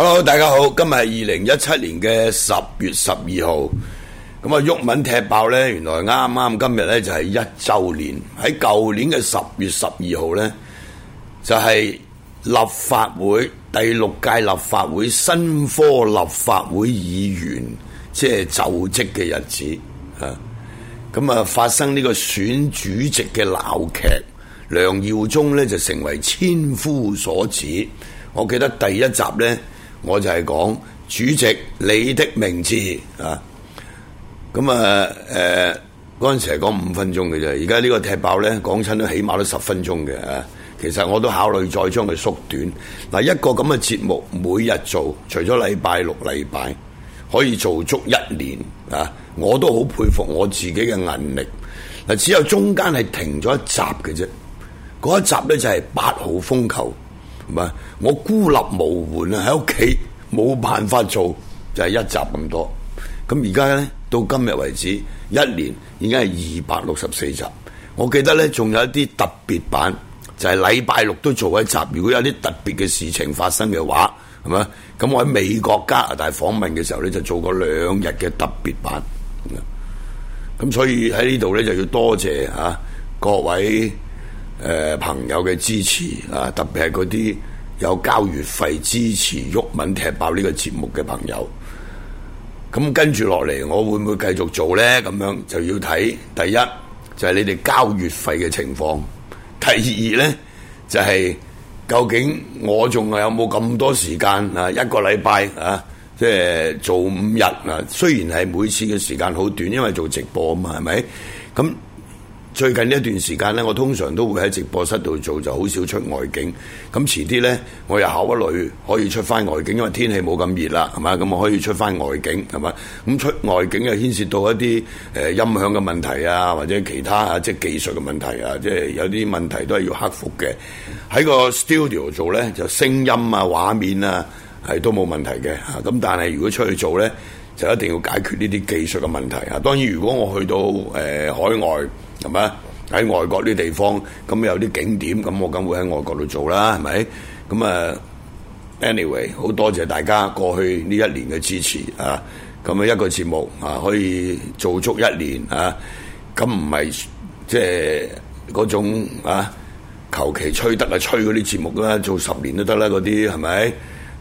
hello，大家好，今日係二零一七年嘅十月十二號，咁啊，毓民踢爆呢，原來啱啱今日呢，就係一周年，喺舊年嘅十月十二號呢，就係立法會第六屆立法會新科立法會議員即係就職嘅日子啊，咁啊，發生呢個選主席嘅鬧劇，梁耀忠呢，就成為千夫所指，我記得第一集呢。我就係講主席，你的名字啊！咁啊，誒，嗰陣時係講五分鐘嘅啫，而家呢個踢爆咧，講親都起碼都十分鐘嘅啊！其實我都考慮再將佢縮短。嗱、啊，一個咁嘅節目每日做，除咗禮拜六、禮拜可以做足一年啊！我都好佩服我自己嘅毅力。嗱、啊，只有中間係停咗一集嘅啫，嗰一集咧就係、是、八號風球。唔係，我孤立無援啊！喺屋企冇辦法做，就係、是、一集咁多。咁而家咧，到今日為止，一年已經係二百六十四集。我記得咧，仲有一啲特別版，就係禮拜六都做一集。如果有啲特別嘅事情發生嘅話，係嘛？咁我喺美國加拿大訪問嘅時候咧，就做過兩日嘅特別版。咁所以喺呢度咧，就要多謝吓、啊、各位。誒、呃、朋友嘅支持啊，特別係嗰啲有交月費支持毓民踢爆呢、這個節目嘅朋友，咁、嗯、跟住落嚟，我會唔會繼續做呢？咁樣就要睇第一就係、是、你哋交月費嘅情況，第二呢，就係、是、究竟我仲有冇咁多時間啊？一個禮拜啊，即係做五日啊。雖然係每次嘅時間好短，因為做直播啊嘛，係咪？咁、嗯最近呢一段時間呢，我通常都會喺直播室度做，就好少出外景。咁遲啲呢，我又考一慮可以出翻外景，因為天氣冇咁熱啦，係嘛？咁我可以出翻外景，係嘛？咁出外景啊，又牽涉到一啲誒、呃、音響嘅問題啊，或者其他啊，即係技術嘅問題啊，即係有啲問題都係要克服嘅。喺個 studio 做呢，就聲音啊、畫面啊，係都冇問題嘅。嚇、啊，咁但係如果出去做呢？就一定要解決呢啲技術嘅問題啊！當然，如果我去到誒、呃、海外係咪？喺外國啲地方咁有啲景點，咁我梗會喺外國度做啦，係咪？咁啊，Anyway，好多謝大家過去呢一年嘅支持啊！咁啊，一個節目啊可以做足一年啊，咁唔係即係嗰種啊，求其吹得啊吹嗰啲節目啦，做十年都得啦，嗰啲係咪？誒、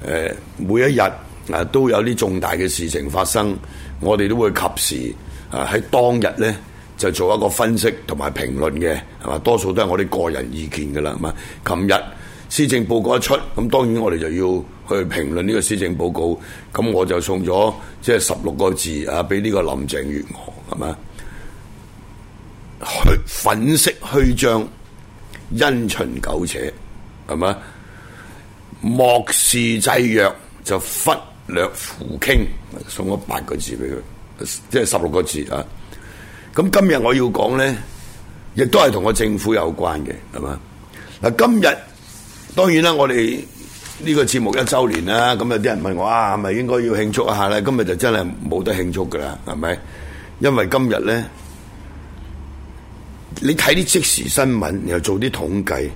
呃，每一日。啊，都有啲重大嘅事情發生，我哋都會及時啊喺當日呢就做一個分析同埋評論嘅，係嘛？多數都係我哋個人意見嘅啦，係嘛？琴日施政報告一出，咁當然我哋就要去評論呢個施政報告，咁我就送咗即係十六個字啊，俾呢個林鄭月娥，係嘛？去粉飾虛張，因循苟且，係嘛？漠視制約就忽略扶傾，送咗八個字俾佢，即係十六個字啊！咁今日我要講咧，亦都係同我政府有關嘅，係嘛？嗱、啊，今日當然啦，我哋呢個節目一周年啦，咁有啲人問我啊，係咪應該要慶祝一下咧？今日就真係冇得慶祝噶啦，係咪？因為今日咧，你睇啲即時新聞又做啲統計，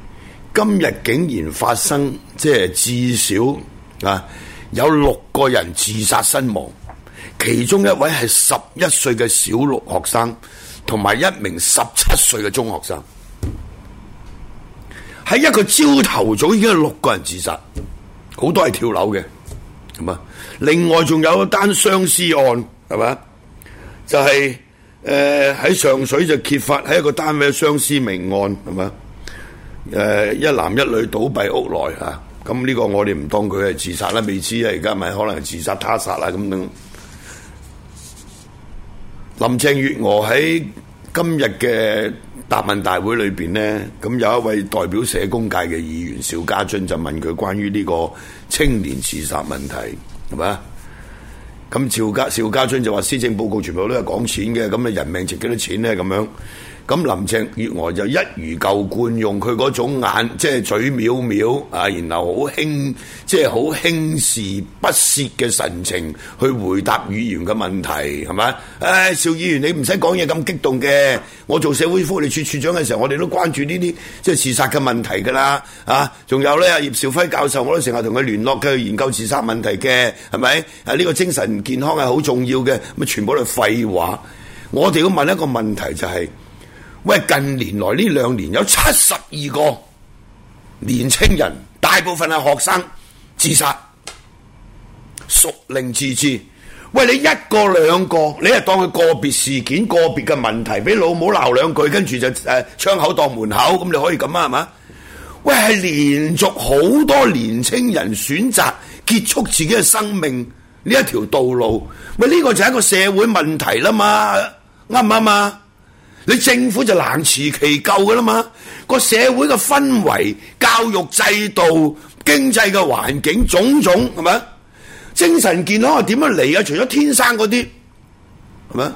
今日竟然發生，即係至少啊！有六個人自殺身亡，其中一位係十一歲嘅小六學生，同埋一名十七歲嘅中學生，喺一個朝頭早已經有六個人自殺，好多係跳樓嘅，係嘛？另外仲有一單雙屍案，係嘛？就係誒喺上水就揭發喺一個單位嘅雙屍命案，係嘛？誒、呃，一男一女倒斃屋內吓。啊咁呢個我哋唔當佢係自殺啦，未知啊，而家咪可能係自殺他殺啦咁樣。林鄭月娥喺今日嘅答問大會裏邊呢，咁有一位代表社工界嘅議員邵家臻就問佢關於呢個青年自殺問題係咪？咁邵家邵家臻就話施政報告全部都係講錢嘅，咁啊人命值幾多錢呢？咁樣。咁林鄭月娥就一如舊貫用佢嗰種眼，即係嘴藐藐啊，然後好輕，即係好輕視不屑嘅神情去回答議員嘅問題，係咪？誒，邵議員你唔使講嘢咁激動嘅。我做社會福利署署長嘅時候，我哋都關注呢啲即係自殺嘅問題㗎啦。啊，仲有咧，葉兆輝教授我都成日同佢聯絡嘅，研究自殺問題嘅，係咪？啊，呢個精神健康係好重要嘅，咪全部都係廢話。我哋要問一個問題就係。喂，近年來呢兩年有七十二個年青人，大部分係學生自殺，孰令致之。喂，你一個兩個，你係當佢個別事件，個別嘅問題，畀老母鬧兩句，跟住就誒窗口當門口，咁你可以咁啊？係嘛？喂，係連續好多年青人選擇結束自己嘅生命呢一條道路，喂，呢個就係一個社會問題啦嘛？啱唔啱啊？你政府就難辭其咎噶啦嘛，個社會嘅氛圍、教育制度、經濟嘅環境，種種係咪？精神健康係點樣嚟啊？除咗天生嗰啲，係咪？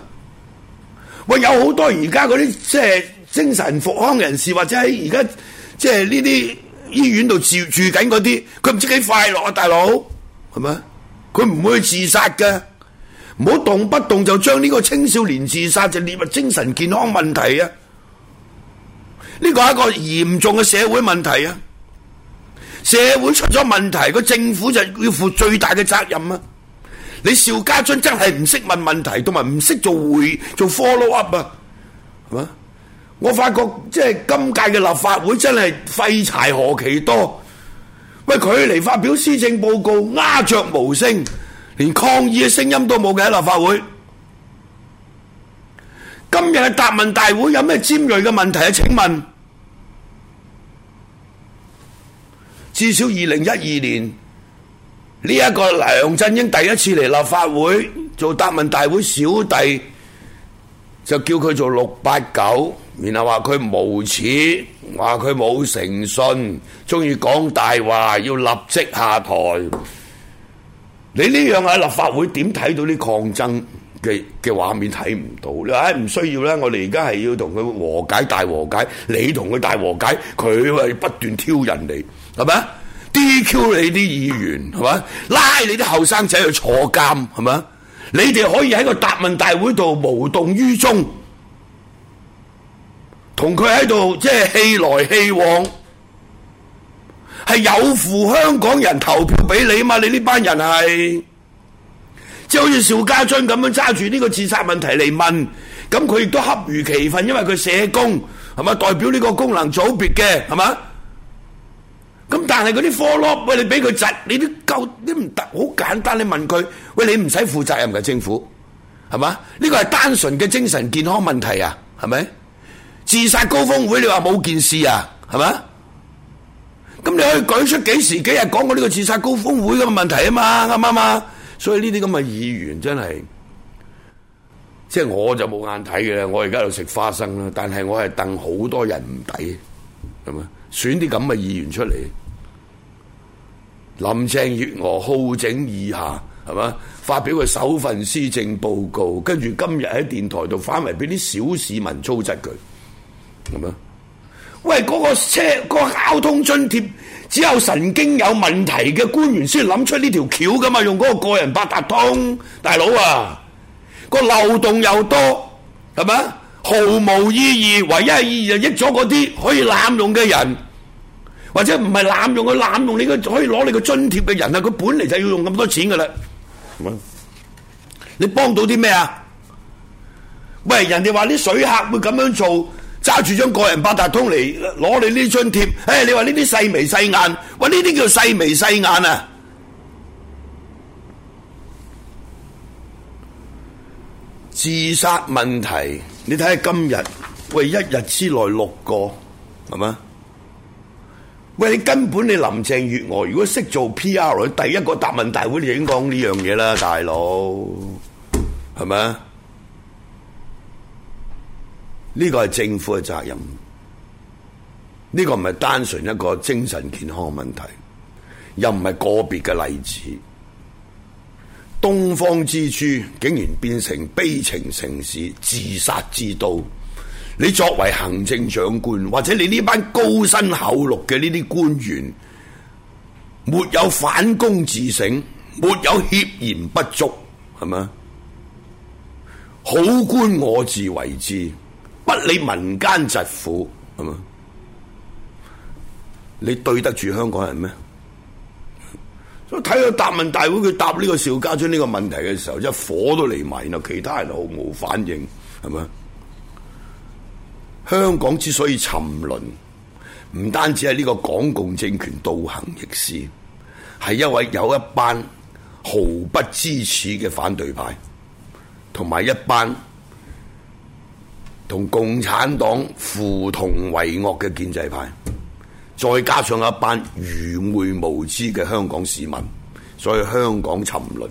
喂，有好多而家嗰啲即係精神復康人士，或者喺而家即係呢啲醫院度住住緊嗰啲，佢唔知幾快樂啊！大佬係咪？佢唔會去自殺噶。唔好動不動就將呢個青少年自殺就列入精神健康問題啊！呢個係一個嚴重嘅社會問題啊！社會出咗問題，個政府就要負最大嘅責任啊！你邵家臻真係唔識問問題，同埋唔識做回做 follow up 啊！係嘛？我發覺即係今屆嘅立法會真係廢柴何其多，喂佢嚟發表施政報告鴉雀無聲。連抗議嘅聲音都冇嘅喺立法會。今日嘅答問大會有咩尖銳嘅問題啊？請問至少二零一二年呢一個梁振英第一次嚟立法會做答問大會，小弟就叫佢做六八九，然後話佢無恥，話佢冇誠信，鍾意講大話，要立即下台。你呢樣喺立法會點睇到啲抗爭嘅嘅畫面睇唔到？你話唔需要咧，我哋而家係要同佢和解大和解，你同佢大和解，佢會不斷挑釁你，係咪？DQ 你啲議員係咪？拉你啲後生仔去坐監係咪？你哋可以喺個答問大會度無動於衷，同佢喺度即係氣來氣往。係有付香港人投票俾你嘛？你呢班人係即係好似邵家臻咁樣，揸住呢個自殺問題嚟問，咁佢亦都恰如其分，因為佢社工係咪，代表呢個功能組別嘅係咪。咁但係嗰啲科洛喂，你俾佢窒，你都夠，你唔得好簡單，你問佢喂，你唔使負責任嘅政府係咪？呢個係單純嘅精神健康問題啊，係咪自殺高峰會？你話冇件事啊，係咪？咁你可以舉出幾時幾日講過呢個自殺高峯會嘅問題啊嘛，啱唔啱啊？所以呢啲咁嘅議員真係，即係我就冇眼睇嘅啦。我而家喺度食花生啦，但係我係戥好多人唔抵，係嘛？選啲咁嘅議員出嚟，林鄭月娥好整以暇，係嘛？發表佢首份施政報告，跟住今日喺電台度反圍俾啲小市民操質佢，係嘛？喂，嗰、嗰個車、嗰個交通津貼，只有神經有問題嘅官員先諗出呢條橋噶嘛？用嗰個個人八達通，大佬啊，個漏洞又多，係咪？毫無意義，唯一意義就益咗嗰啲可以濫用嘅人，或者唔係濫用，佢濫用你個可以攞你個津貼嘅人啊！佢本嚟就要用咁多錢噶啦，你幫到啲咩啊？喂，人哋話啲水客會咁樣做。揸住張個人八達通嚟，攞你呢張貼，誒，你話呢啲細眉細眼，喂，呢啲叫細眉細眼啊！自殺問題，你睇下今日，喂，一日之內六個，係咪？喂，你根本你林鄭月娥如果識做 PR，第一個答問大會你已經講呢樣嘢啦，大佬，係咪？呢個係政府嘅責任，呢、這個唔係單純一個精神健康問題，又唔係個別嘅例子。東方之珠竟然變成悲情城市、自殺之都，你作為行政長官，或者你呢班高薪厚祿嘅呢啲官員，沒有反躬自省，沒有歉然不足，係咪？好官我自為之。不理民間疾苦，係嘛？你對得住香港人咩？所以睇到答問大會，佢答呢個邵家臻呢個問題嘅時候，一火都嚟埋，然後其他人毫無反應，係嘛？香港之所以沉淪，唔單止係呢個港共政權倒行逆施，係因為有一班毫不知恥嘅反對派，同埋一班，同共產黨扶同為惡嘅建制派，再加上一班愚昧無知嘅香港市民，所以香港沉淪。